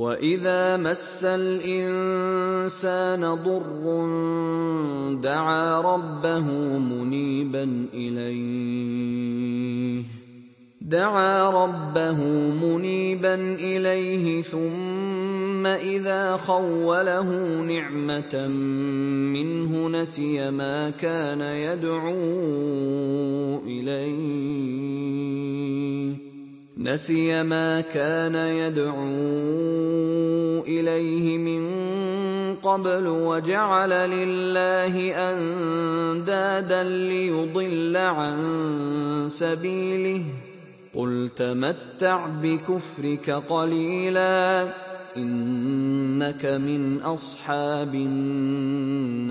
واذا مس الانسان ضر دعا ربه منيبا اليه دعا ربه منيبا اليه ثم اذا خوله نعمه منه نسي ما كان يدعو اليه نسي ما كان يدعو اليه من قبل وجعل لله اندادا ليضل عن سبيله قل تمتع بكفرك قليلا انك من اصحاب النار